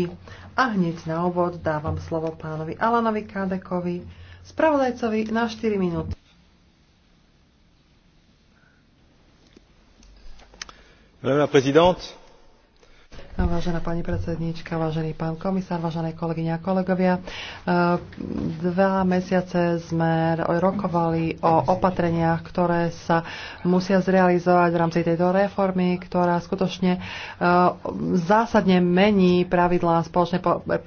udalosti. A hneď na úvod dávam slovo pánovi Alanovi Kádekovi, spravodajcovi na 4 minúty. Madame la Présidente, Vážená pani predsedníčka, vážený pán komisár, vážené kolegyne a kolegovia. E, dva mesiace sme rokovali o opatreniach, ktoré sa musia zrealizovať v rámci tejto reformy, ktorá skutočne e, zásadne mení pravidlá spoločnej e,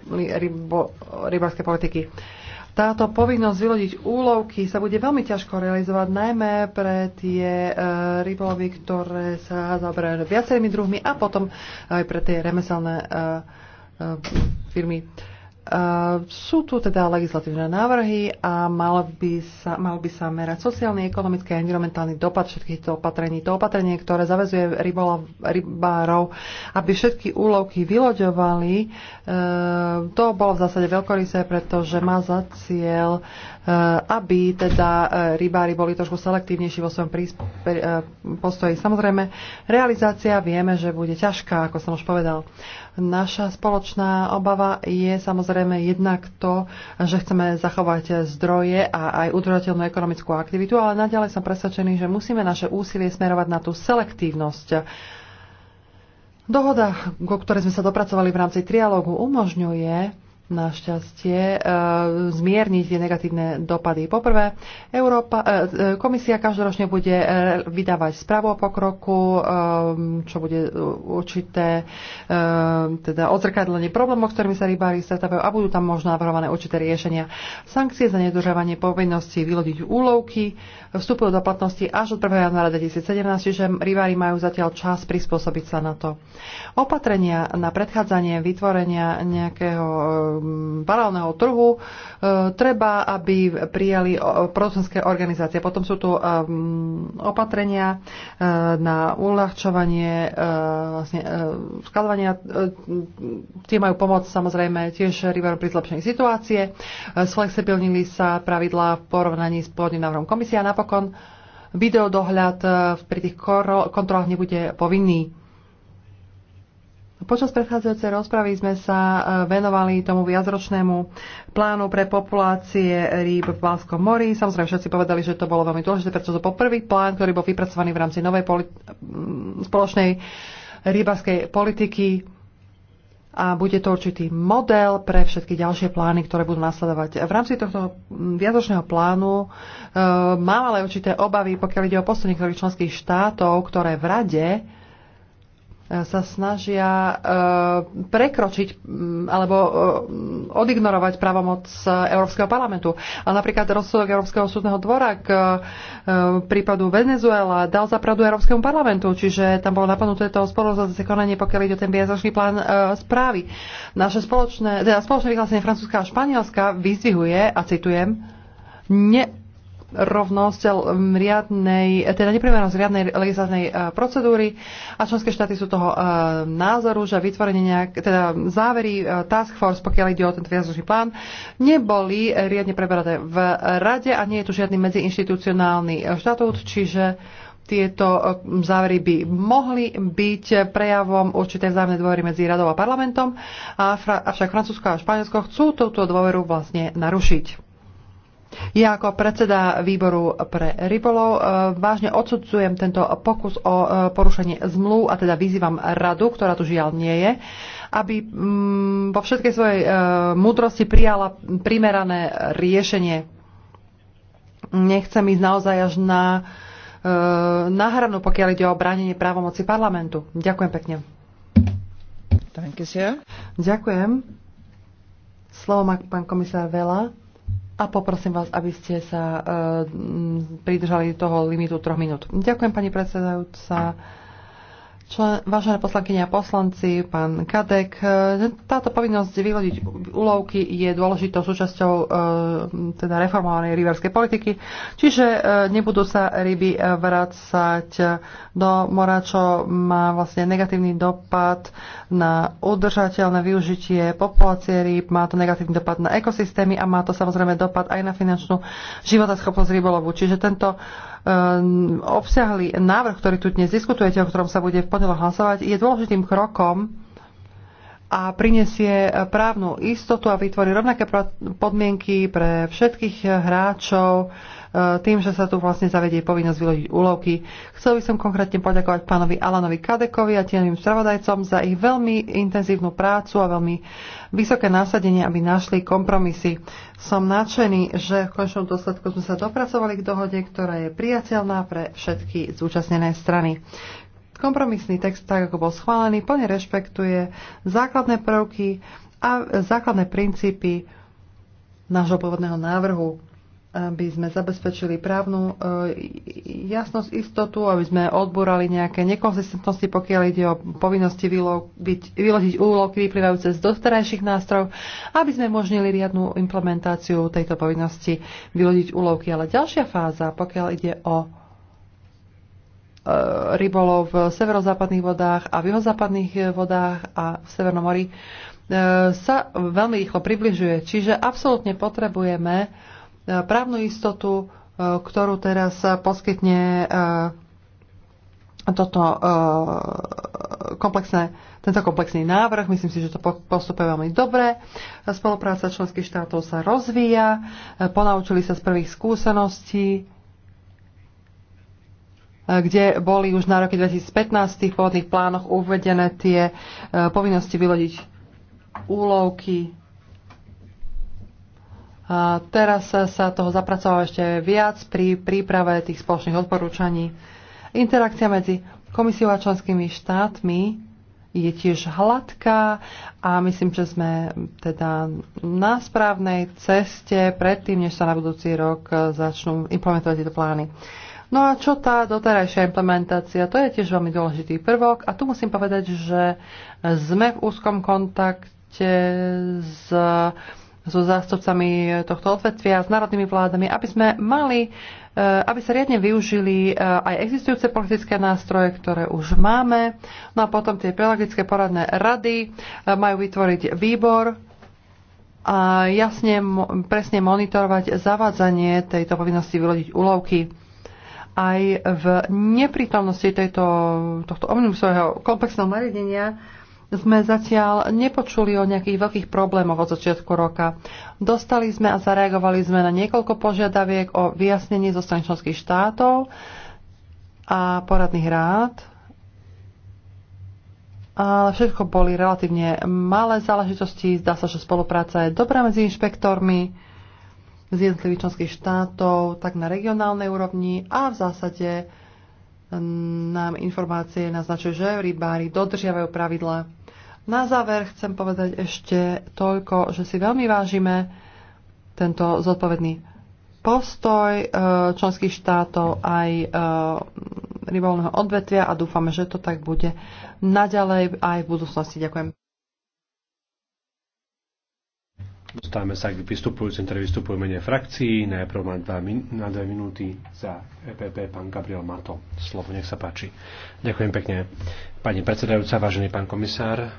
rybárskej politiky. Táto povinnosť vylodiť úlovky sa bude veľmi ťažko realizovať, najmä pre tie e, rybolovy, ktoré sa zaoberajú viacerými druhmi a potom aj pre tie remeselné e, e, firmy. E, Ehm, sú tu teda legislatívne návrhy a mal by sa, mal by sa merať sociálny, ekonomický a environmentálny dopad všetkých týchto opatrení. To opatrenie, ktoré zavezuje rybárov, aby všetky úlovky vyloďovali, ehm, to bolo v zásade veľkorysé, pretože má za cieľ Eh, aby teda eh, rybári boli trošku selektívnejší vo svojom eh, postoji. Samozrejme, realizácia vieme, že bude ťažká, ako som už povedal. Naša spoločná obava je samozrejme jednak to, že chceme zachovať zdroje a aj udržateľnú ekonomickú aktivitu, ale naďalej som presvedčený, že musíme naše úsilie smerovať na tú selektívnosť. Dohoda, ku ktorej sme sa dopracovali v rámci trialógu, umožňuje našťastie e, zmierniť tie negatívne dopady. Poprvé, Európa, e, e, komisia každoročne bude vydávať správu o pokroku, čo bude určité teda odzrkadlenie problémov, ktorými sa rybári stretávajú a budú tam možno navrhované určité riešenia. Sankcie za nedržávanie povinnosti vylodiť úlovky vstupujú do platnosti až od 1. januára 2017, čiže rybári majú zatiaľ čas prispôsobiť sa na to. Opatrenia na predchádzanie vytvorenia nejakého paralelného trhu, e, treba, aby prijali producentské organizácie. Potom sú tu e, opatrenia e, na uľahčovanie vlastne, skladovania. Tie majú pomoc samozrejme tiež Riverom pri zlepšení situácie. Sflexibilnili sa pravidlá v porovnaní s pôvodným návrhom komisia. Napokon videodohľad pri tých kontrolách nebude povinný Počas predchádzajúcej rozpravy sme sa e, venovali tomu viacročnému plánu pre populácie rýb v Balskom mori. Samozrejme, všetci povedali, že to bolo veľmi dôležité, pretože to bol prvý plán, ktorý bol vypracovaný v rámci novej spoločnej rybárskej politiky a bude to určitý model pre všetky ďalšie plány, ktoré budú nasledovať. V rámci tohto viacročného plánu e, mám ale určité obavy, pokiaľ ide o posledných členských štátov, ktoré v rade E, sa snažia e, prekročiť alebo e, odignorovať právomoc Európskeho parlamentu. A napríklad rozsudok Európskeho súdneho dvora k prípadu Venezuela dal pravdu Európskemu parlamentu, čiže tam bolo napadnuté to spolurozhodovacie konanie, pokiaľ ide o ten viacročný plán správy. Naše spoločné, teda spoločné vyhlásenie Francúzska a Španielska vyzvihuje, a citujem, ne rovnosť riadnej, teda neprimeranosť riadnej legislatívnej e, procedúry a členské štáty sú toho e, názoru, že vytvorenie nejak, teda závery e, task force, pokiaľ ide o ten viazočný plán, neboli riadne preberané v rade a nie je tu žiadny medziinstitucionálny štatút, čiže tieto závery by mohli byť prejavom určitej vzájomnej dôvery medzi radou a parlamentom, avšak Francúzsko a Španielsko chcú túto dôveru vlastne narušiť. Ja ako predseda výboru pre rybolov e, vážne odsudzujem tento pokus o e, porušenie zmluv a teda vyzývam radu, ktorá tu žiaľ nie je, aby mm, vo všetkej svojej e, múdrosti prijala primerané riešenie. Nechcem ísť naozaj až na, na hranu, pokiaľ ide o bránenie právomoci parlamentu. Ďakujem pekne. Ďakujem. Slovo má pán komisár Vela a poprosím vás, aby ste sa e, pridržali toho limitu troch minút. Ďakujem, pani predsedajúca. Člen, vážené poslankyne a poslanci, pán Kadek, e, táto povinnosť vyhodiť úlovky je dôležitou súčasťou e, teda reformovanej rybárskej politiky, čiže e, nebudú sa ryby e, vrácať do mora, čo má vlastne negatívny dopad na udržateľné využitie populácie rýb, má to negatívny dopad na ekosystémy a má to samozrejme dopad aj na finančnú životaschopnosť rybolovu. Čiže tento Ehm, obsiahli návrh, ktorý tu dnes diskutujete, o ktorom sa bude v pondelok hlasovať, je dôležitým krokom a prinesie právnu istotu a vytvorí rovnaké podmienky pre všetkých hráčov E, tým, že sa tu vlastne zavedie povinnosť vyložiť úlovky. Chcel by som konkrétne poďakovať pánovi Alanovi Kadekovi a tieným spravodajcom za ich veľmi intenzívnu prácu a veľmi vysoké násadenie, aby našli kompromisy. Som nadšený, že v končnom dôsledku sme sa dopracovali k dohode, ktorá je priateľná pre všetky zúčastnené strany. Kompromisný text, tak ako bol schválený, plne rešpektuje základné prvky a základné princípy nášho pôvodného návrhu aby sme zabezpečili právnu e, jasnosť, istotu, aby sme odbúrali nejaké nekonzistentnosti, pokiaľ ide o povinnosti vyloviť, vyložiť úlohy vyplývajúce z dosterajších nástrojov, aby sme umožnili riadnu implementáciu tejto povinnosti vylodiť úlovky. Ale ďalšia fáza, pokiaľ ide o e, rybolov v severozápadných vodách a v juhozápadných vodách a v Severnom mori, e, sa veľmi rýchlo približuje. Čiže absolútne potrebujeme Eh, právnu istotu, eh, ktorú teraz eh, poskytne toto komplexné, tento komplexný návrh. Myslím si, že to postupuje veľmi dobre. Spolupráca členských štátov sa rozvíja, ponaučili sa z prvých skúseností kde boli už na roky 2015 v tých pôvodných plánoch uvedené tie povinnosti vylodiť úlovky a teraz sa toho zapracovalo ešte viac pri príprave tých spoločných odporúčaní. Interakcia medzi komisiou a členskými štátmi je tiež hladká a myslím, že sme teda na správnej ceste predtým, než sa na budúci rok začnú implementovať tieto plány. No a čo tá doterajšia implementácia? To je tiež veľmi dôležitý prvok a tu musím povedať, že sme v úzkom kontakte s so zástupcami tohto odvetvia, s národnými vládami, aby sme mali, eh, aby sa riadne využili eh, aj existujúce politické nástroje, ktoré už máme. No a potom tie pedagogické poradné rady eh, majú vytvoriť výbor a jasne, presne monitorovať zavádzanie tejto povinnosti vylodiť úlovky aj v neprítomnosti tejto, tohto omnibusového komplexného nariadenia sme zatiaľ nepočuli o nejakých veľkých problémoch od začiatku roka. Dostali sme a zareagovali sme na niekoľko požiadaviek o vyjasnení zo strany členských štátov a poradných rád. A všetko boli relatívne malé záležitosti. Zdá sa, že spolupráca je dobrá medzi inšpektormi z jednotlivých členských štátov, tak na regionálnej úrovni a v zásade nám informácie naznačujú, že rybári dodržiavajú pravidlá. Na záver chcem povedať ešte toľko, že si veľmi vážime tento zodpovedný postoj eh, členských štátov aj eh, rybolného odvetvia a dúfame, že to tak bude naďalej aj v budúcnosti. Ďakujem. Dostávame sa k vystupujúcim, ktoré teda vystupujú menej frakcií. Najprv má dva min- na dve minúty za EPP pán Gabriel Mato. Slovo, nech sa páči. Ďakujem pekne. Pani predsedajúca, vážený pán komisár,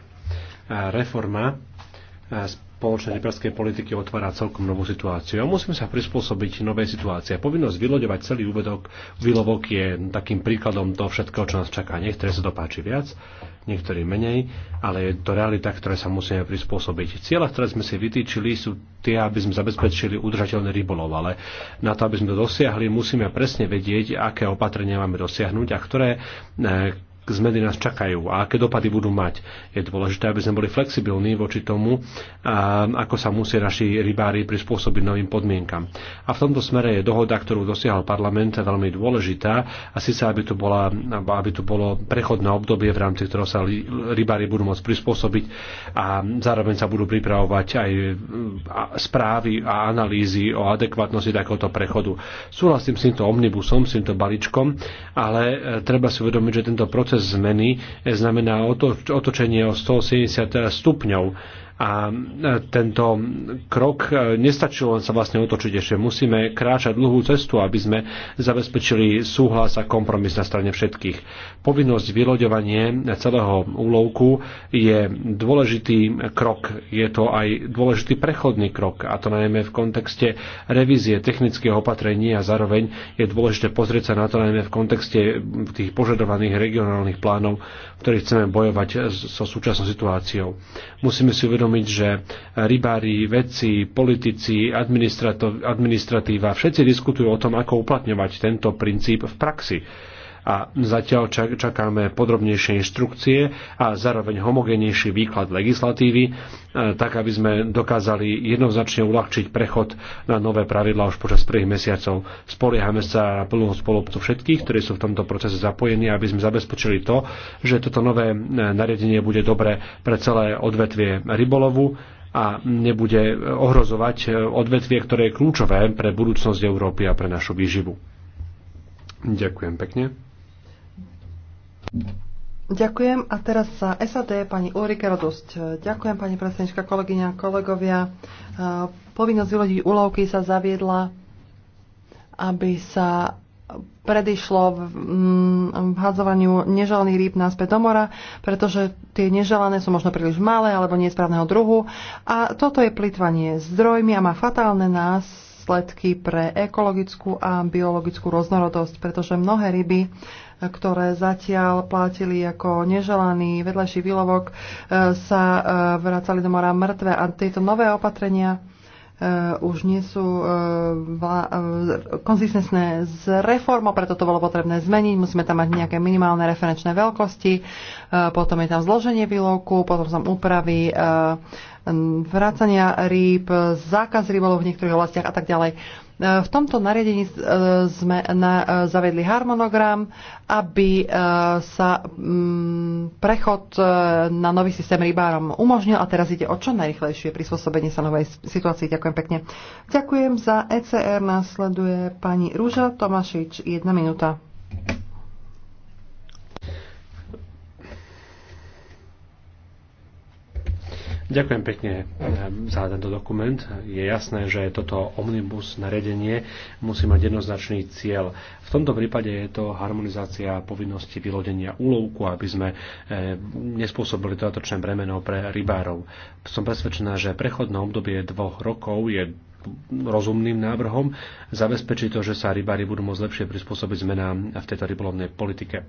reforma spoločnej rybárskej politiky otvára celkom novú situáciu a musíme sa prispôsobiť novej situácii. Povinnosť vyloďovať celý úvedok, výlovok je takým príkladom toho všetkého, čo nás čaká. Niektoré sa dopáči viac, niektorí menej, ale je to realita, ktoré sa musíme prispôsobiť. Ciela, ktoré sme si vytýčili, sú tie, aby sme zabezpečili udržateľný rybolov, ale na to, aby sme to dosiahli, musíme presne vedieť, aké opatrenia máme dosiahnuť a ktoré eh, zmeny nás čakajú a aké dopady budú mať. Je dôležité, aby sme boli flexibilní voči tomu, ako sa musí naši rybári prispôsobiť novým podmienkam. A v tomto smere je dohoda, ktorú dosiahol parlament, veľmi dôležitá a síce, aby tu, bola, aby tu bolo prechodné obdobie, v rámci ktorého sa rybári budú môcť prispôsobiť a zároveň sa budú pripravovať aj správy a analýzy o adekvátnosti takéhoto prechodu. Súhlasím s týmto omnibusom, s týmto balíčkom, ale e, treba si uvedomiť, že tento proces proces zmeny e, znamená otočenie o 180 stupňov a e, tento krok e, nestačí len sa vlastne otočiť ešte. Musíme kráčať dlhú cestu, aby sme zabezpečili súhlas a kompromis na strane všetkých. Povinnosť vyloďovanie celého úlovku je dôležitý krok. Je to aj dôležitý prechodný krok, a to najmä v kontexte revízie technického opatrení a zároveň je dôležité pozrieť sa na to najmä v kontexte tých požadovaných regionálnych plánov ktorých chceme bojovať so súčasnou situáciou. Musíme si uvedomiť, že rybári, vedci, politici, administratíva, všetci diskutujú o tom, ako uplatňovať tento princíp v praxi a zatiaľ čakáme podrobnejšie inštrukcie a zároveň homogénejší výklad legislatívy, e, tak aby sme dokázali jednoznačne uľahčiť prechod na nové pravidlá už počas prvých mesiacov. Spoliehame sa na plnú spolupcu všetkých, ktorí sú v tomto procese zapojení, aby sme zabezpečili to, že toto nové e, nariadenie bude dobré pre celé odvetvie rybolovu a nebude ohrozovať e, odvetvie, ktoré je kľúčové pre budúcnosť Európy a pre našu výživu. Ďakujem pekne. Ďakujem. A teraz sa SAD, pani Ulrike Radosť. Ďakujem, pani predsednička, kolegyňa, kolegovia. E, povinnosť vylodiť úlovky sa zaviedla, aby sa predišlo v, mm, vhadzovaniu neželaných rýb náspäť do mora, pretože tie neželané sú možno príliš malé alebo nesprávneho druhu. A toto je plitvanie zdrojmi a má fatálne následky pre ekologickú a biologickú roznorodosť, pretože mnohé ryby ktoré zatiaľ platili ako neželaný vedľajší výlovok, e, sa e, vracali do mora mŕtve a tieto nové opatrenia e, už nie sú konzistentné s reformou, preto to bolo potrebné zmeniť. Musíme tam mať nejaké minimálne referenčné veľkosti, potom je tam zloženie výlovku, potom tam úpravy vrácania rýb, zákaz rybolov v niektorých oblastiach a tak ďalej E, v tomto nariadení e, sme e, zavedli harmonogram, aby sa mm, prechod na nový systém rybárom umožnil a teraz ide o čo najrychlejšie prispôsobenie sa novej situácii. Ďakujem pekne. Ďakujem za ECR. Následuje pani Rúža Tomašič. Jedna minúta. Ďakujem pekne eh, za tento dokument. Je jasné, že toto omnibus naredenie musí mať jednoznačný cieľ. V tomto prípade je to harmonizácia povinnosti vylodenia úlovku, aby sme eh, nespôsobili dodatočné bremeno pre rybárov. Som presvedčená, že prechodné obdobie dvoch rokov je rozumným návrhom zabezpečí to, že sa rybári budú môcť lepšie prispôsobiť zmenám v tejto rybolovnej politike.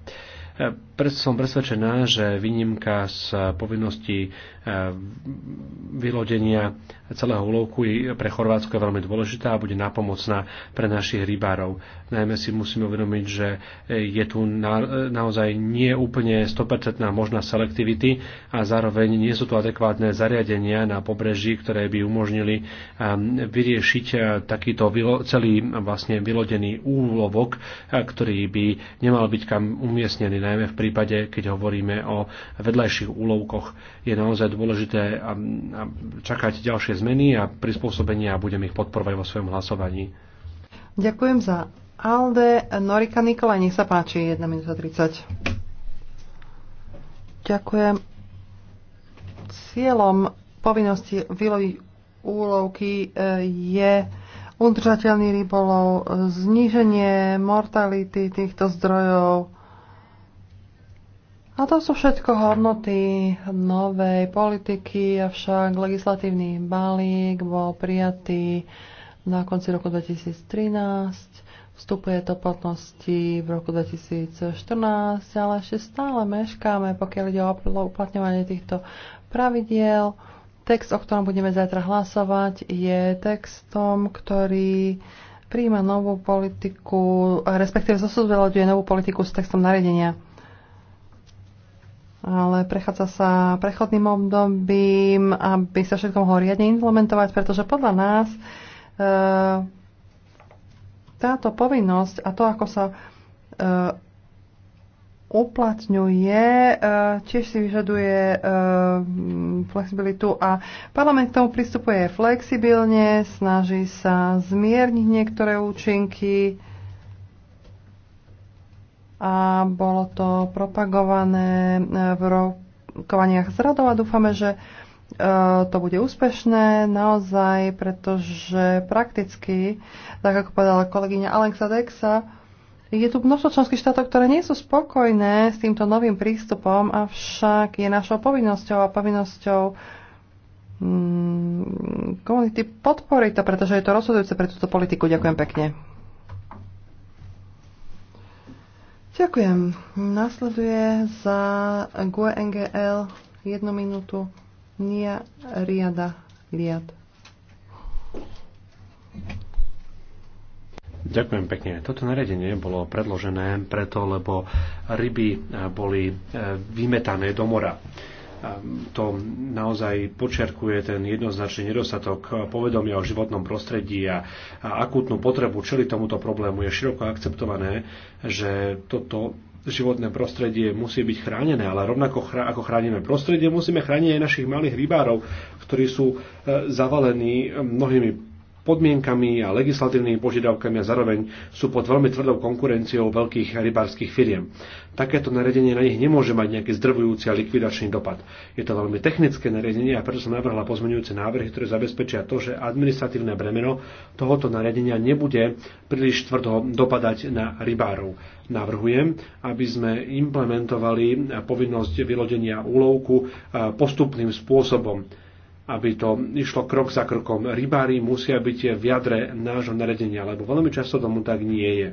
Som presvedčená, že výnimka z povinnosti e, vylodenia celého úlovku pre Chorvátsko je veľmi dôležitá a bude napomocná pre našich rybárov. Najmä si musíme uvedomiť, že e, je tu na, e, naozaj nie úplne 100% možná selektivity a zároveň nie sú tu adekvátne zariadenia na pobreží, ktoré by umožnili vyriešiť takýto celý vlastne vylodený úlovok, ktorý by nemal byť kam umiestnený najmä v prípade, keď hovoríme o vedľajších úlovkoch. Je naozaj dôležité um, um, čakať ďalšie zmeny a prispôsobenia a budem ich podporovať vo svojom hlasovaní. Ďakujem za Alde. Norika Nikola, nech sa páči, 1 minúta 30. Ďakujem. Cieľom povinnosti vyloviť úlovky e, je udržateľný rybolov, zníženie mortality týchto zdrojov a to sú všetko hodnoty novej politiky, avšak legislatívny balík bol prijatý na konci roku 2013, vstupuje to platnosti v roku 2014, ale ešte stále meškáme, pokiaľ ide o uplatňovanie týchto pravidiel. Text, o ktorom budeme zajtra hlasovať, je textom, ktorý príjma novú politiku, respektíve zosúzveľaduje novú politiku s textom nariadenia ale prechádza sa prechodným obdobím, aby sa všetko mohlo riadne implementovať, pretože podľa nás e, táto povinnosť a to, ako sa e, uplatňuje, e, tiež si vyžaduje e, flexibilitu a parlament k tomu pristupuje flexibilne, snaží sa zmierniť niektoré účinky, a bolo to propagované e, v rokovaniach s radou a dúfame, že e, to bude úspešné naozaj, pretože prakticky, tak ako povedala kolegyňa Alexa Dexa, je tu množstvo členských štátov, ktoré nie sú spokojné s týmto novým prístupom, avšak je našou povinnosťou a povinnosťou mm, komunity podporiť to, pretože je to rozhodujúce pre túto politiku. Ďakujem pekne. Ďakujem. Nasleduje za GuNGL jednu minútu Nia Riada Liad. Ďakujem pekne. Toto nariadenie bolo predložené preto, lebo ryby boli eh, vymetané do mora to naozaj počerkuje ten jednoznačný nedostatok povedomia o životnom prostredí a, akútnu potrebu čeli tomuto problému. Je široko akceptované, že toto životné prostredie musí byť chránené, ale rovnako ako chránime prostredie, musíme chrániť aj našich malých rybárov, ktorí sú e, zavalení mnohými podmienkami a legislatívnymi požiadavkami a zároveň sú pod veľmi tvrdou konkurenciou veľkých rybárskych firiem. Takéto nariadenie na nich nemôže mať nejaký zdrvujúci a likvidačný dopad. Je to veľmi technické nariadenie a preto som navrhla pozmeňujúce návrhy, ktoré zabezpečia to, že administratívne bremeno tohoto nariadenia nebude príliš tvrdo dopadať na rybárov. Navrhujem, aby sme implementovali povinnosť vylodenia úlovku postupným spôsobom aby to išlo krok za krokom. Rybári musia byť v jadre nášho naredenia, lebo veľmi často tomu tak nie je.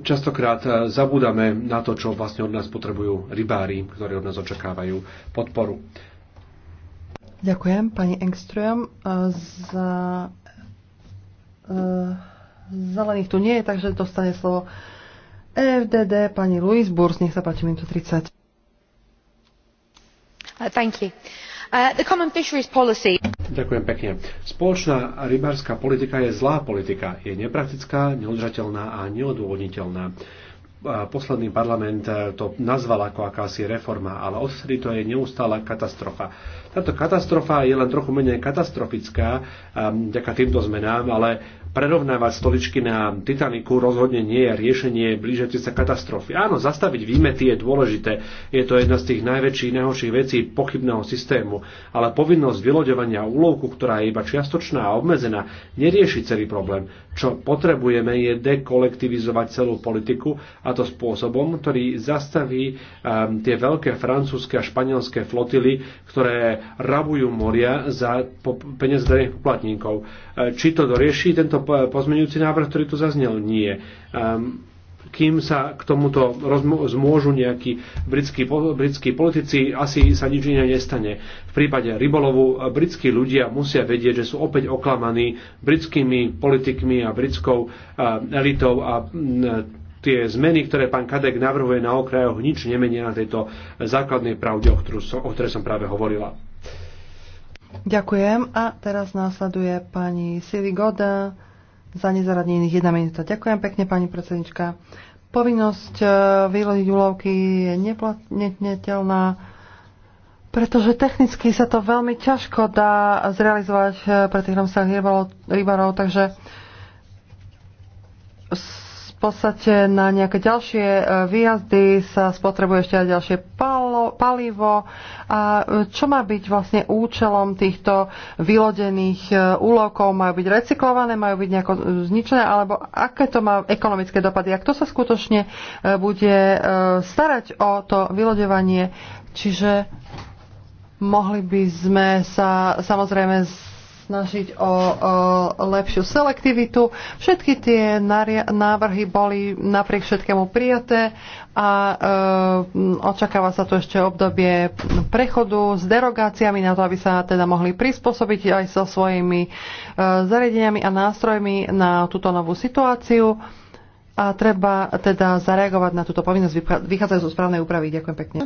Častokrát eh, zabúdame na to, čo vlastne od nás potrebujú rybári, ktorí od nás očakávajú podporu. Ďakujem pani Engström eh, za eh, zelených tu nie je, takže dostane slovo EFDD pani Louise Burs, nech sa páči, minútu 30. Uh, uh, Ďakujem pekne. Spoločná rybárska politika je zlá politika. Je nepraktická, neudržateľná a neodôvodniteľná posledný parlament to nazval ako akási reforma, ale odvtedy to je neustála katastrofa. Táto katastrofa je len trochu menej katastrofická vďaka týmto zmenám, ale prerovnávať stoličky na Titaniku rozhodne nie je riešenie blížiace sa katastrofy. Áno, zastaviť výmety je dôležité. Je to jedna z tých najväčších, najhorších vecí pochybného systému, ale povinnosť vyloďovania úlovku, ktorá je iba čiastočná a obmedzená, nerieši celý problém. Čo potrebujeme je dekolektivizovať celú politiku a to spôsobom, ktorý zastaví um, tie veľké francúzske a španielské flotily, ktoré rabujú moria za peniaze daných poplatníkov. E, či to dorieši tento pozmenujúci návrh, ktorý tu zaznel? Nie e, kým sa k tomuto zmôžu nejakí britskí, britskí politici, asi sa nič iné nestane. V prípade rybolovu e, britskí ľudia musia vedieť, že sú opäť oklamaní britskými politikmi a britskou elitou a tie zmeny, ktoré pán Kadek navrhuje na okrajoch, nič nemenia na tejto základnej pravde, o ktorej som práve hovorila. Ďakujem. A teraz následuje pani Sili Goda za nezaradnených 1 minúta. Ďakujem pekne, pani predsednička. Povinnosť e, vylodiť úlovky je neplatniteľná, pretože technicky sa to veľmi ťažko dá zrealizovať e, pre tých rybarov takže podstate na nejaké ďalšie e, výjazdy sa spotrebuje ešte aj ďalšie palo, palivo. A e, čo má byť vlastne účelom týchto vylodených e, úlovkov? Majú byť recyklované, majú byť nejako zničené, alebo aké to má ekonomické dopady? A kto sa skutočne bude starať o to vylodevanie? Čiže mohli by sme sa samozrejme snažiť o lepšiu selektivitu. Všetky tie návrhy boli napriek všetkému prijaté a e, očakáva sa tu ešte obdobie prechodu s derogáciami na to, aby sa teda mohli prispôsobiť aj so svojimi e, zariadeniami a nástrojmi na túto novú situáciu a treba teda zareagovať na túto povinnosť vychádzajú zo správnej úpravy. Ďakujem pekne.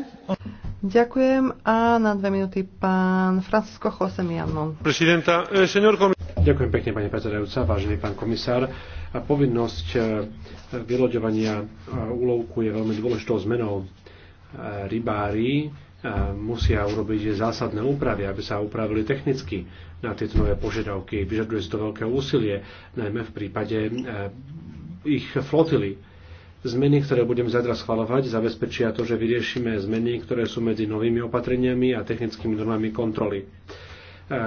Ďakujem a na dve minúty pán Francisco Jose Miano. Eh, Ďakujem pekne, pani predsedajúca, vážený pán komisár. A povinnosť eh, vyloďovania eh, úlovku je veľmi dôležitou zmenou. Rybári musia urobiť zásadné úpravy, aby sa upravili technicky na tieto nové požiadavky. Vyžaduje si to veľké úsilie, najmä v prípade ich flotily Zmeny, ktoré budem zajtra schvalovať, zabezpečia to, že vyriešime zmeny, ktoré sú medzi novými opatreniami a technickými normami kontroly.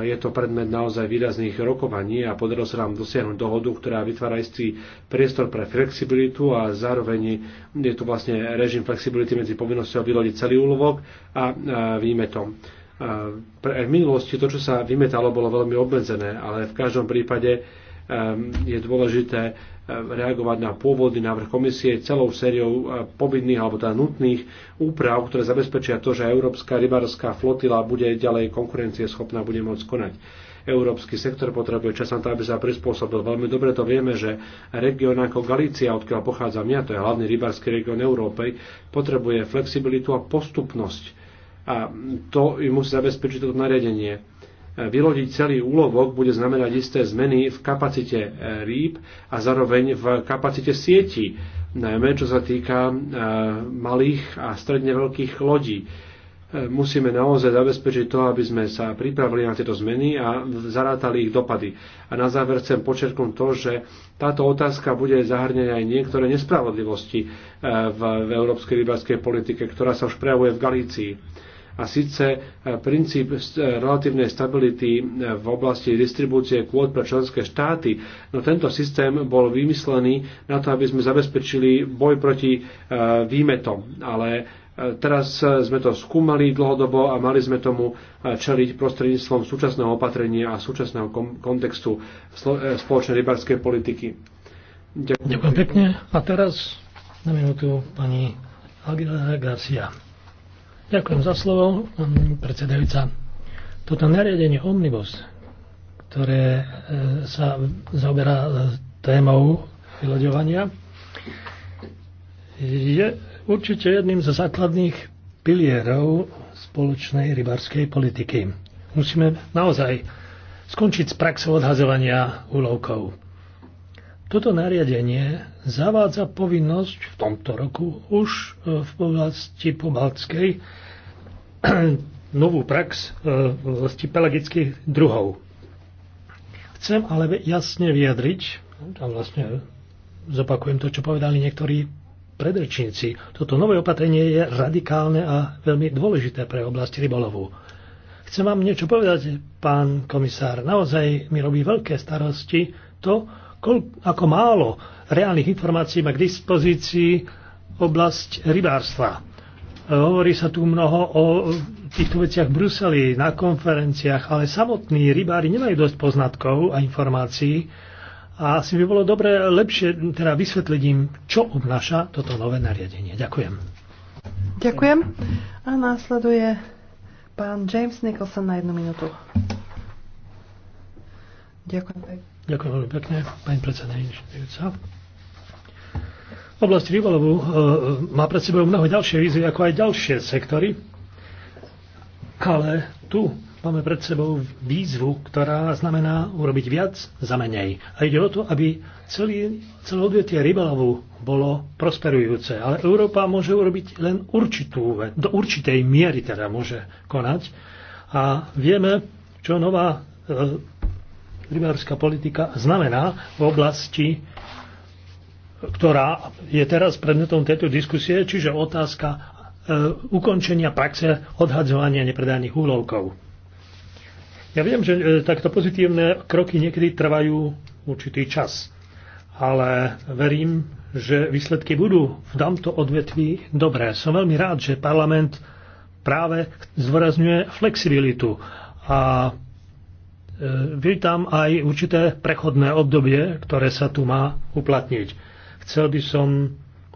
Je to predmet naozaj výrazných rokovaní a podarilo sa nám dosiahnuť dohodu, ktorá vytvára istý priestor pre flexibilitu a zároveň je tu vlastne režim flexibility medzi povinnosťou vylodiť celý úlovok a výmetom. V minulosti to, čo sa vymetalo, bolo veľmi obmedzené, ale v každom prípade Ehm, je dôležité ehm, reagovať na pôvodný návrh komisie celou sériou ehm, povinných alebo teda nutných úprav, ktoré zabezpečia to, že európska rybárska flotila bude ďalej konkurencieschopná, bude môcť konať európsky sektor potrebuje čas na to, aby sa prispôsobil. Veľmi dobre to vieme, že región ako Galícia, odkiaľ pochádzam ja, to je hlavný rybársky región Európy, potrebuje flexibilitu a postupnosť. A to im musí zabezpečiť toto nariadenie Vylodiť celý úlovok bude znamenať isté zmeny v kapacite eh, rýb a zároveň v kapacite sieti, najmä čo sa týka eh, malých a stredne veľkých lodí. Eh, musíme naozaj zabezpečiť to, aby sme sa pripravili na tieto zmeny a zarátali ich dopady. A na záver chcem počerknúť to, že táto otázka bude zahrňať aj niektoré nespravodlivosti v, v európskej rybárskej politike, ktorá sa už prejavuje v Galícii a síce e, princíp e, relatívnej stability e, v oblasti distribúcie kvót pre členské štáty. No tento systém bol vymyslený na to, aby sme zabezpečili boj proti výmetom, ale Teraz sme to skúmali dlhodobo a mali sme tomu čeliť prostredníctvom súčasného opatrenia a súčasného kontextu spoločnej rybárskej politiky. Ďakujem. Ďakujem pekne. A teraz na minútu pani Aguilera Garcia. Ďakujem za slovo, predsedajúca. Toto nariadenie Omnibus, ktoré e, sa zaoberá e, témou vyloďovania, je určite jedným zo základných pilierov spoločnej rybarskej politiky. Musíme naozaj skončiť s praxou odhazovania úlovkov. Toto nariadenie zavádza povinnosť v tomto roku už e, v oblasti pobaltskej novú prax e, v oblasti pelagických druhov. Chcem ale jasne vyjadriť, a vlastne zopakujem to, čo povedali niektorí predrečníci, toto nové opatrenie je radikálne a veľmi dôležité pre oblast rybolovu. Chcem vám niečo povedať, pán komisár. Naozaj mi robí veľké starosti to, ako málo reálnych informácií má k dispozícii oblasť rybárstva. E, hovorí sa tu mnoho o týchto veciach v Bruseli, na konferenciách, ale samotní rybári nemajú dosť poznatkov a informácií a asi by bolo dobre lepšie teda vysvetliť im, čo obnáša toto nové nariadenie. Ďakujem. Ďakujem. A následuje pán James Nicholson na jednu minútu. Ďakujem pekne. Ďakujem veľmi pekne, pani predsedajúca. Oblasť rybolovu e, má pred sebou mnoho ďalšie výzvy, ako aj ďalšie sektory, ale tu máme pred sebou výzvu, ktorá znamená urobiť viac za menej. A ide o to, aby celý, celé odvetie rybolovu bolo prosperujúce. Ale Európa môže urobiť len určitú vec, do určitej miery teda môže konať. A vieme, čo nová e, rybárska politika znamená v oblasti, ktorá je teraz predmetom tejto diskusie, čiže otázka e, ukončenia praxe odhadzovania nepredaných úlovkov. Ja viem, že e, takto pozitívne kroky niekedy trvajú určitý čas, ale verím, že výsledky budú v tomto odvetví dobré. Som veľmi rád, že parlament práve zdôrazňuje flexibilitu a E, vítam aj určité prechodné obdobie, ktoré sa tu má uplatniť. Chcel by som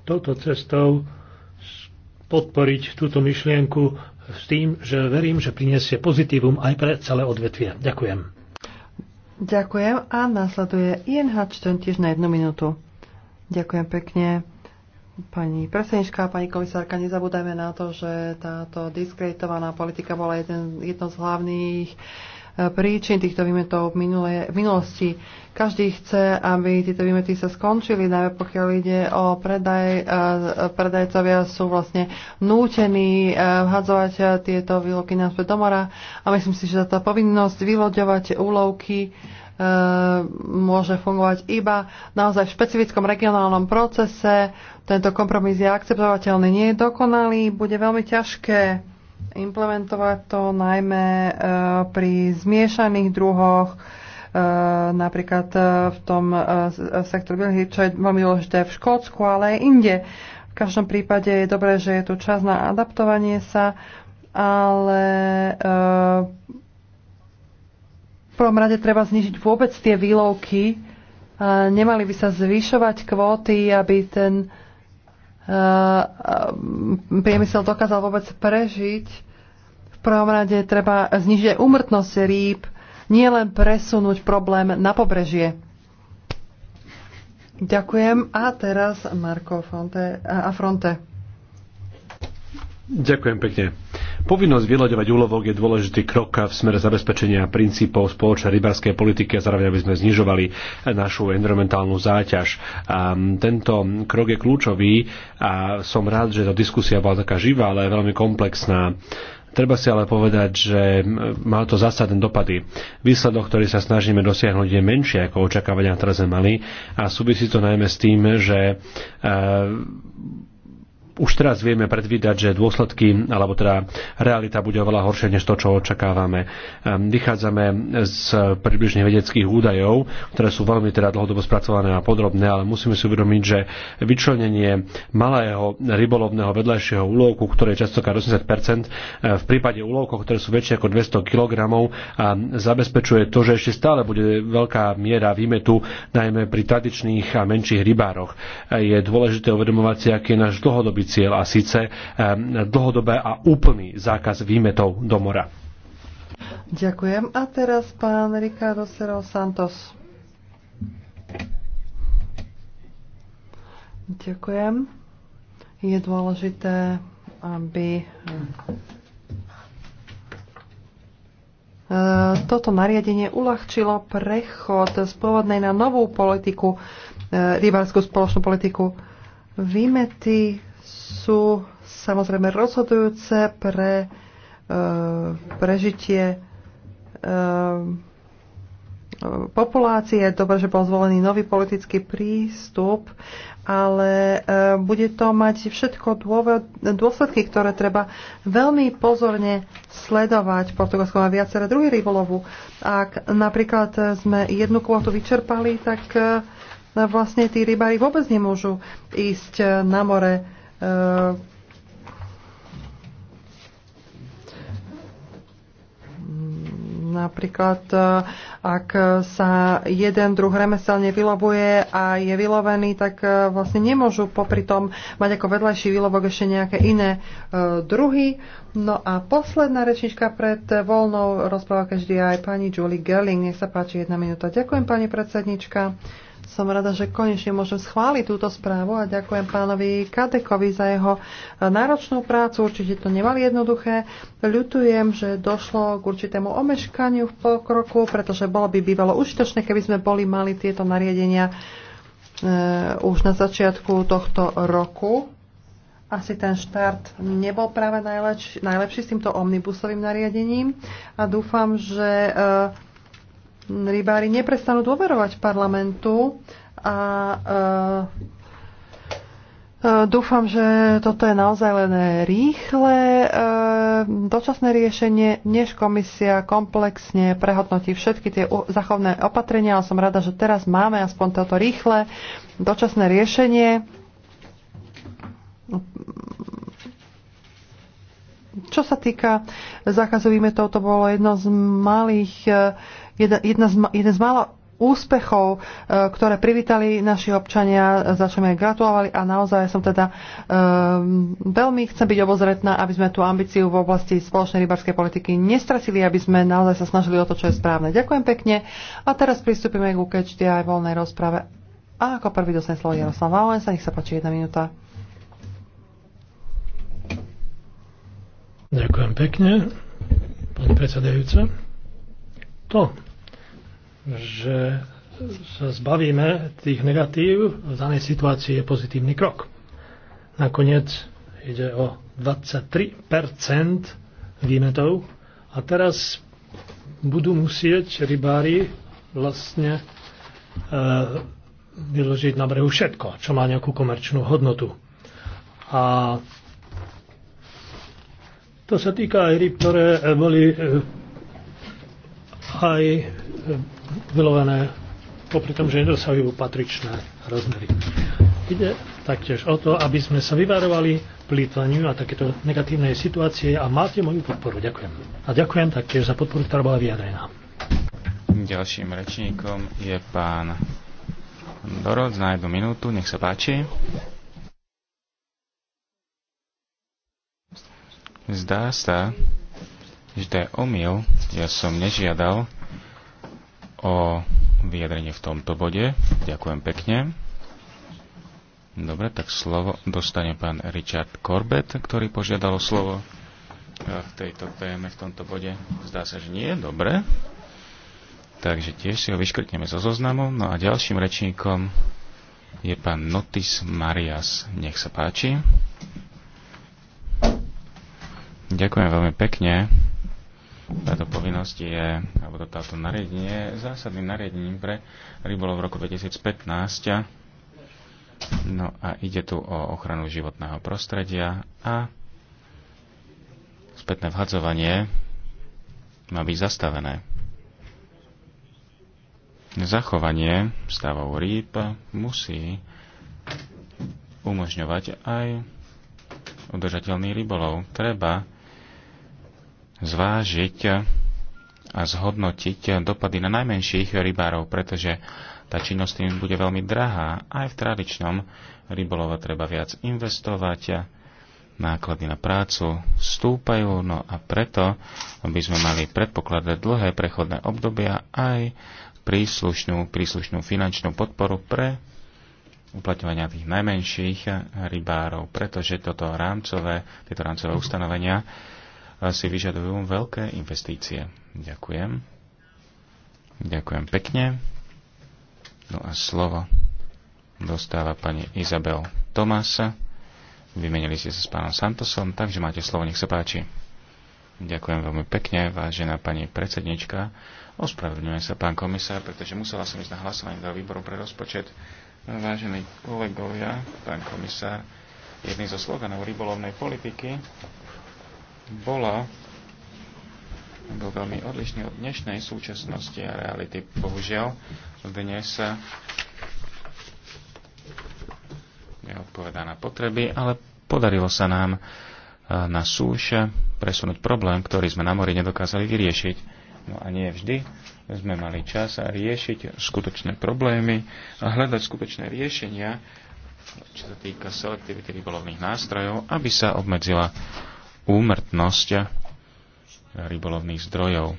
touto cestou podporiť túto myšlienku s tým, že verím, že priniesie pozitívum aj pre celé odvetvie. Ďakujem. Ďakujem a následuje Ian Hatchton tiež na jednu minútu. Ďakujem pekne. Pani predsednička, pani komisárka, nezabúdajme na to, že táto diskreditovaná politika bola jeden, jedno z hlavných uh, Eh, príčin týchto výmetov v, minule, v minulosti. Každý chce, aby tieto výmety sa skončili, najmä pokiaľ ide o predaj. Eh, predajcovia sú vlastne nútení eh, vhadzovať tieto výloky náspäť do mora a myslím si, že tá povinnosť vyloďovať úlovky môže fungovať iba naozaj v špecifickom regionálnom procese. Tento kompromis je akceptovateľný, nie je dokonalý, bude veľmi ťažké implementovať to najmä eh, pri zmiešaných druhoch, eh, napríklad eh, v tom sektoru, čo je veľmi dôležité v Škótsku, ale aj inde. V každom prípade je dobré, že je tu čas na adaptovanie sa, ale v prvom rade treba znižiť vôbec tie výlovky. Nemali by sa zvyšovať kvóty, aby ten Ehm, ehm, priemysel dokázal vôbec prežiť. V prvom rade treba znižiť aj umrtnosť rýb, nielen presunúť problém na pobrežie. Ďakujem. A teraz Marko Fronte, a Fronte. Ďakujem pekne. Povinnosť vyloďovať úlovok je dôležitý krok v smere zabezpečenia princípov spoločnej rybárskej politiky a zároveň aby sme znižovali našu environmentálnu záťaž. A tento krok je kľúčový a som rád, že tá diskusia bola taká živá, ale veľmi komplexná. Treba si ale povedať, že má to zásadné dopady. Výsledok, ktorý sa snažíme dosiahnuť, je menšie ako očakávania, ktoré sme mali a súvisí to najmä s tým, že e, už teraz vieme predvídať, že dôsledky, alebo teda realita bude oveľa horšia než to, čo očakávame. Ehm, vychádzame z približne vedeckých údajov, ktoré sú veľmi teda dlhodobo spracované a podrobné, ale musíme si uvedomiť, že vyčlenenie malého rybolovného vedľajšieho úlovku, ktoré je častokrát 80%, ehm, v prípade úlovkov, ktoré sú väčšie ako 200 kg, zabezpečuje to, že ešte stále bude veľká miera výmetu, najmä pri tradičných a menších rybároch. Je dôležité uvedomovať si, aký je náš dlhodobý cieľ a síce eh, dlhodobé a úplný zákaz výmetov do mora. Ďakujem. A teraz pán Ricardo Serol Santos. Ďakujem. Je dôležité, aby eh, toto nariadenie uľahčilo prechod z pôvodnej na novú politiku, eh, rybárskú spoločnú politiku. Výmety sú samozrejme rozhodujúce pre e, prežitie e, populácie. Dobre, že bol zvolený nový politický prístup, ale e, bude to mať všetko dôsledky, ktoré treba veľmi pozorne sledovať. Portugalsko má viacere druhý rybolovu. Ak napríklad sme jednu kvotu vyčerpali, tak e, vlastne tí rybári vôbec nemôžu ísť na more Ehm, napríklad, e, ak sa jeden druh remeselne nevylovuje a je vylovený, tak e, vlastne nemôžu popri tom mať ako vedľajší výlovok ešte nejaké iné e, druhy. No a posledná rečnička pred voľnou rozpráva každý aj pani Julie Gerling. Nech sa páči jedna minúta. Ďakujem pani predsednička. Som rada, že konečne môžem schváliť túto správu a ďakujem pánovi Kadekovi za jeho e, náročnú prácu. Určite to nemali jednoduché. Ľutujem, že došlo k určitému omeškaniu v pokroku, pretože bolo by bývalo užitočné, keby sme boli mali tieto nariadenia e, už na začiatku tohto roku. Asi ten štart nebol práve najlepší, najlepší s týmto omnibusovým nariadením a dúfam, že e, rybári neprestanú dôverovať parlamentu a e, e, dúfam, že toto je naozaj len rýchle e, dočasné riešenie, než komisia komplexne prehodnotí všetky tie zachovné opatrenia, ale som rada, že teraz máme aspoň toto rýchle dočasné riešenie čo sa týka zákazu výmetov, to bolo jedno z malých, eh, jedna, jedna z, jeden z mála úspechov, eh, ktoré privítali naši občania, za čo mi aj gratulovali a naozaj som teda um, veľmi chcem byť obozretná, aby sme tú ambíciu v oblasti spoločnej rybarskej politiky nestratili, aby sme naozaj sa snažili o to, čo je správne. Ďakujem pekne a teraz pristúpime k aj voľnej rozprave. A ako prvý dostane slovo Jaroslav sa nech sa páči jedna minúta. Ďakujem pekne, pani predsedajúca. To, že sa zbavíme tých negatív v danej situácii je pozitívny krok. Nakoniec ide o 23 výmetov a teraz budú musieť rybári vlastne e, vyložiť na brehu všetko, čo má nejakú komerčnú hodnotu. A to sa týka aj ryb, ktoré e, boli e, aj e, vylovené popri tom, že nedosahujú patričné rozmery. Ide taktiež o to, aby sme sa vyvarovali plýtvaniu a takéto negatívnej situácie a máte moju podporu. Ďakujem. A ďakujem taktiež za podporu, ktorá bola vyjadrená. Ďalším rečníkom je pán Dorod na jednu minútu. Nech sa páči. Zdá sa, že to je omyl. Ja som nežiadal o vyjadrenie v tomto bode. Ďakujem pekne. Dobre, tak slovo dostane pán Richard Corbett, ktorý požiadal slovo eh, v tejto téme, v tomto bode. Zdá sa, že nie. Dobre. Takže tiež si ho vyškrtneme zo zoznamu. No a ďalším rečníkom je pán Notis Marias. Nech sa páči. Ďakujem veľmi pekne. Táto povinnosť je, alebo to táto nariadenie je zásadným nariadením pre rybolov v roku 2015. No a ide tu o ochranu životného prostredia a spätné vhadzovanie má byť zastavené. Zachovanie stavov rýb musí umožňovať aj udržateľný rybolov. Treba zvážiť a zhodnotiť dopady na najmenších rybárov, pretože tá činnosť im bude veľmi drahá. Aj v tradičnom rybolove treba viac investovať, náklady na prácu stúpajú, no a preto by sme mali predpokladať dlhé prechodné obdobia aj príslušnú, príslušnú finančnú podporu pre uplatňovania tých najmenších rybárov, pretože toto rámcové, tieto rámcové ustanovenia si vyžadujú veľké investície. Ďakujem. Ďakujem pekne. No a slovo dostáva pani Izabel Tomasa. Vymenili ste sa s pánom Santosom, takže máte slovo, nech sa páči. Ďakujem veľmi pekne, vážená pani predsednička. Ospravedlňujem sa, pán komisár, pretože musela som ísť na hlasovanie do výboru pre rozpočet. Vážení kolegovia, pán komisár, jedný zo sloganov rybolovnej politiky bola bol veľmi odlišný od dnešnej súčasnosti a reality. Bohužiaľ, dnes sa neodpovedá na potreby, ale podarilo sa nám e, na súše presunúť problém, ktorý sme na mori nedokázali vyriešiť. No a nie vždy sme mali čas riešiť skutočné problémy a hľadať skutočné riešenia, čo sa týka selektivity rybolovných nástrojov, aby sa obmedzila úmrtnosť rybolovných zdrojov.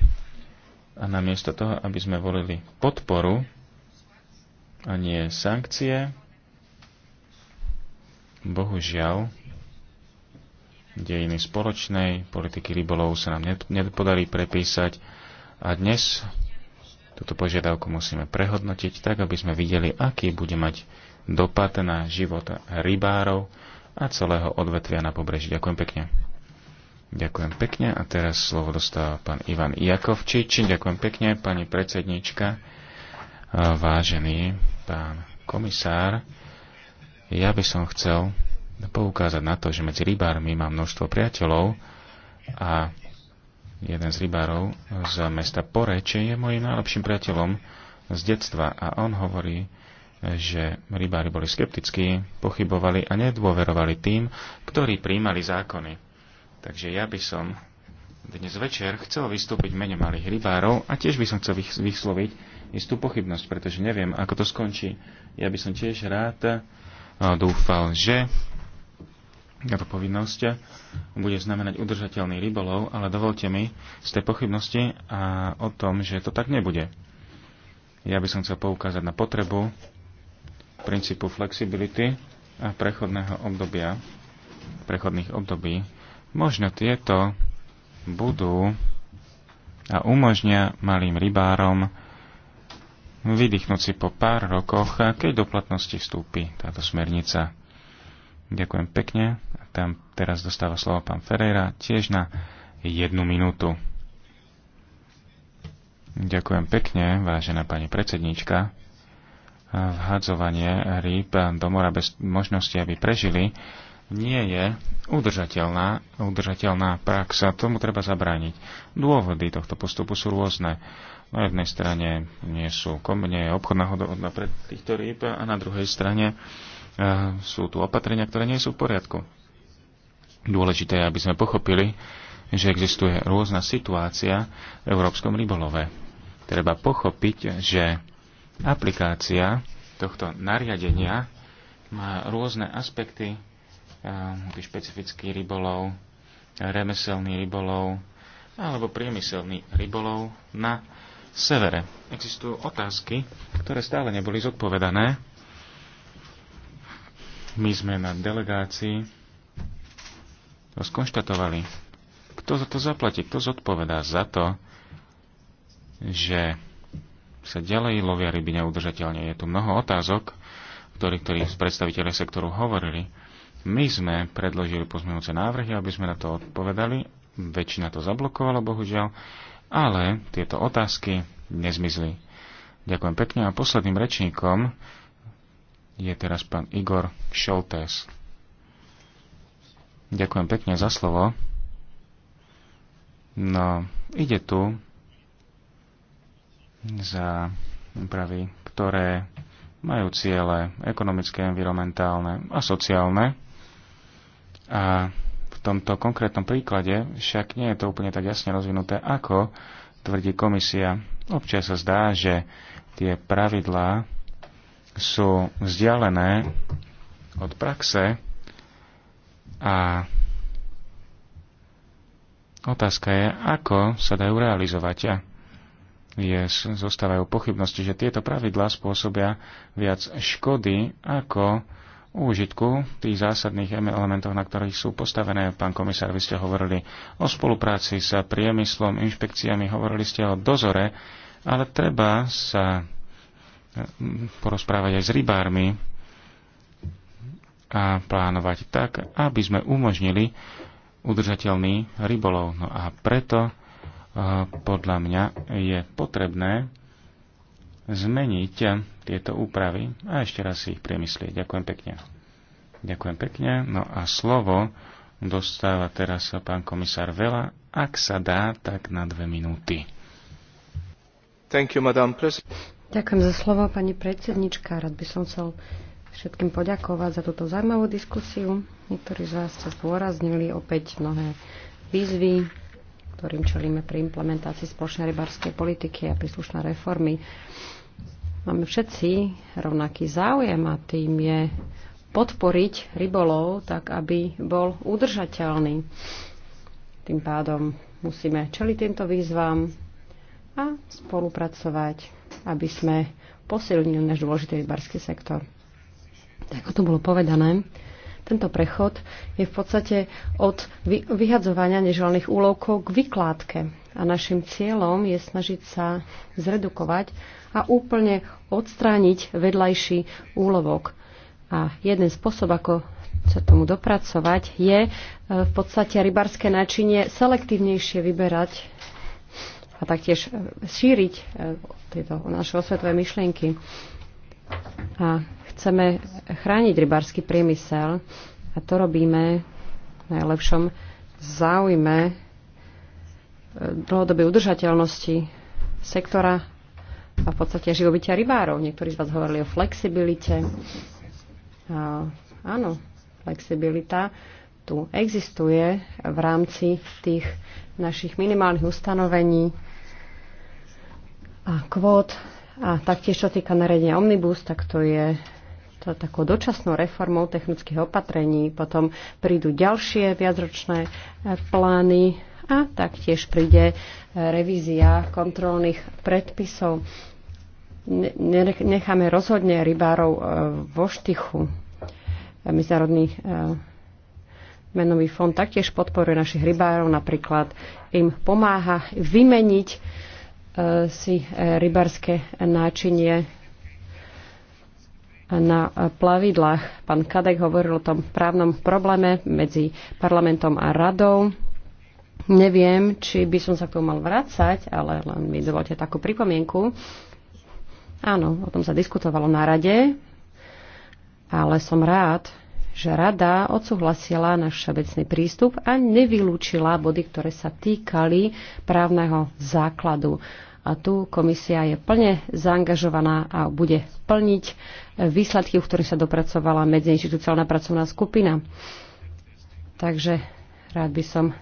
A namiesto toho, aby sme volili podporu a nie sankcie, bohužiaľ, dejiny spoločnej politiky rybolov sa nám nepodarí prepísať a dnes túto požiadavku musíme prehodnotiť tak, aby sme videli, aký bude mať dopad na život rybárov a celého odvetvia na pobreží. Ďakujem pekne. Ďakujem pekne a teraz slovo dostáva pán Ivan Jakovčič. Ďakujem pekne, pani predsednička, vážený pán komisár. Ja by som chcel poukázať na to, že medzi rybármi mám množstvo priateľov a jeden z rybárov z mesta Poreče je môjim najlepším priateľom z detstva a on hovorí, že rybári boli skeptickí, pochybovali a nedôverovali tým, ktorí príjmali zákony Takže ja by som dnes večer chcel vystúpiť mene malých rybárov a tiež by som chcel vysloviť istú pochybnosť, pretože neviem, ako to skončí. Ja by som tiež rád dúfal, že táto povinnosť bude znamenať udržateľný rybolov, ale dovolte mi z tej pochybnosti a o tom, že to tak nebude. Ja by som chcel poukázať na potrebu princípu flexibility a prechodného obdobia, prechodných období Možno tieto budú a umožnia malým rybárom vydýchnuť si po pár rokoch, keď do platnosti vstúpi táto smernica. Ďakujem pekne. tam teraz dostáva slovo pán Ferreira tiež na jednu minútu. Ďakujem pekne, vážená pani predsednička. Vhadzovanie rýb do mora bez možnosti, aby prežili, nie je udržateľná, udržateľná prax a tomu treba zabrániť. Dôvody tohto postupu sú rôzne. Na jednej strane nie sú komne obchodná hodnota pre týchto rýb a na druhej strane eh, sú tu opatrenia, ktoré nie sú v poriadku. Dôležité je, aby sme pochopili, že existuje rôzna situácia v európskom rybolove. Treba pochopiť, že aplikácia tohto nariadenia má rôzne aspekty špecifický rybolov, remeselný rybolov alebo priemyselný rybolov na severe. Existujú otázky, ktoré stále neboli zodpovedané. My sme na delegácii to skonštatovali. Kto za to zaplatí? Kto zodpovedá za to, že sa ďalej lovia ryby neudržateľne? Je tu mnoho otázok, ktorých, ktorých predstaviteľe sektoru hovorili. My sme predložili pozmeňujúce návrhy, aby sme na to odpovedali. Väčšina to zablokovala, bohužiaľ, ale tieto otázky nezmizli. Ďakujem pekne a posledným rečníkom je teraz pán Igor Šoltés. Ďakujem pekne za slovo. No, ide tu za úpravy, ktoré majú ciele ekonomické, environmentálne a sociálne a v tomto konkrétnom príklade však nie je to úplne tak jasne rozvinuté, ako tvrdí komisia. Občas sa zdá, že tie pravidlá sú vzdialené od praxe a otázka je, ako sa dajú realizovať. Je, zostávajú pochybnosti, že tieto pravidlá spôsobia viac škody ako úžitku, tých zásadných elementov, na ktorých sú postavené. Pán komisár, vy ste hovorili o spolupráci s priemyslom, inšpekciami, hovorili ste o dozore, ale treba sa mm, porozprávať aj s rybármi a plánovať tak, aby sme umožnili udržateľný rybolov. No a preto eh, podľa mňa je potrebné zmeniť tieto úpravy a ešte raz si ich premyslieť. Ďakujem pekne. Ďakujem pekne. No a slovo dostáva teraz pán komisár Vela. Ak sa dá, tak na dve minúty. Thank you, madam Ďakujem za slovo, pani predsednička. Rád by som chcel všetkým poďakovať za túto zaujímavú diskusiu. Niektorí z vás ste zdôraznili opäť mnohé výzvy, ktorým čelíme pri implementácii spoločnej rybarskej politiky a príslušnej reformy máme všetci rovnaký záujem a tým je podporiť rybolov tak, aby bol udržateľný. Tým pádom musíme čeliť týmto výzvam a spolupracovať, aby sme posilnili náš dôležitý rybarský sektor. Tak ako to bolo povedané, tento prechod je v podstate od vyhadzovania neželných úlovkov k vykládke. A našim cieľom je snažiť sa zredukovať a úplne odstrániť vedľajší úlovok. A jeden spôsob, ako sa tomu dopracovať, je e, v podstate rybarské náčinie selektívnejšie vyberať a taktiež e, šíriť e, tieto naše osvetové myšlienky. A Chceme chrániť rybársky priemysel a to robíme v najlepšom záujme eh, dlhodobej udržateľnosti sektora a v podstate živobytia rybárov. Niektorí z vás hovorili o flexibilite. A, áno, flexibilita tu existuje v rámci tých našich minimálnych ustanovení a kvót. A taktiež, čo týka nariadenia Omnibus, tak to je takou dočasnou reformou technických opatrení, potom prídu ďalšie viacročné e, plány a taktiež príde e, revízia kontrolných predpisov. Necháme rozhodne rybárov e, vo štychu. Medzinárodný menový fond taktiež podporuje našich rybárov, napríklad im pomáha vymeniť si rybarské náčinie na plavidlách. Pán Kadek hovoril o tom právnom probléme medzi parlamentom a radou. Neviem, či by som sa k tomu mal vrácať, ale len mi dovolte takú pripomienku. Áno, o tom sa diskutovalo na rade, ale som rád, že rada odsúhlasila náš všeobecný prístup a nevylúčila body, ktoré sa týkali právneho základu. A tu komisia je plne zaangažovaná a bude plniť výsledky, v ktorých sa dopracovala medziinstitucionálna pracovná skupina. Takže rád by som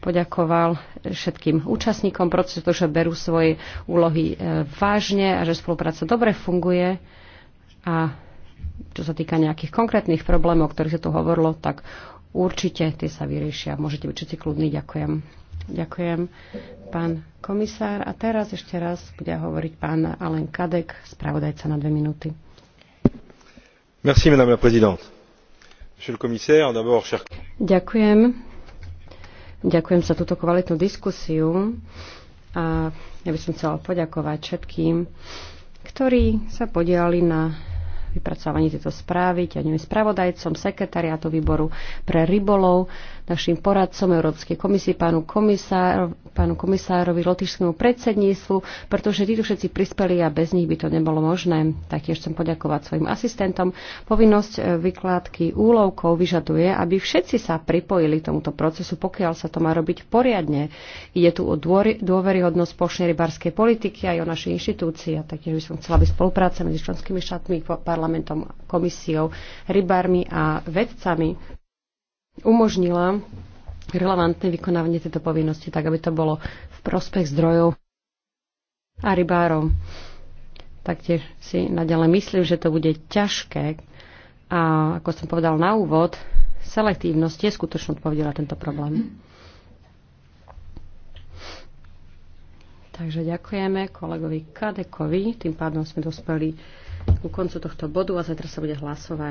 poďakoval všetkým účastníkom procesu, že berú svoje úlohy e, vážne a že spolupráca dobre funguje. A čo sa týka nejakých konkrétnych problémov, o ktorých sa tu hovorilo, tak určite tie sa vyriešia. Môžete byť všetci kľudní. Ďakujem. Ďakujem, pán komisár. A teraz ešte raz bude hovoriť pán Alen Kadek, spravodajca na dve minúty. Merci, madame la présidente. Monsieur le commissaire, d'abord, cher... Ďakujem. Ďakujem za túto kvalitnú diskusiu. A ja by som chcela poďakovať všetkým, ktorí sa podielali na vypracovaní tejto správy, ťaňovým spravodajcom, sekretariátu výboru pre rybolov, našim poradcom Európskej komisie, pánu, komisár, pánu komisárovi, lotišskému predsedníctvu, pretože títo všetci prispeli a bez nich by to nebolo možné. Taktiež chcem poďakovať svojim asistentom. Povinnosť e, vykládky úlovkov vyžaduje, aby všetci sa pripojili k tomuto procesu, pokiaľ sa to má robiť poriadne. Ide tu o dôveryhodnosť spoločnej rybárskej politiky aj o našej inštitúcii a taktiež by som chcela, aby spolupráca medzi členskými štátmi, parlamentom, komisiou, rybármi a vedcami umožnila relevantné vykonávanie tejto povinnosti, tak aby to bolo v prospech zdrojov a rybárov. Taktiež si naďalej myslím, že to bude ťažké a ako som povedal na úvod, selektívnosť je skutočne odpovedela tento problém. Takže ďakujeme kolegovi Kadekovi, tým pádom sme dospeli ku koncu tohto bodu a zajtra sa bude hlasovať.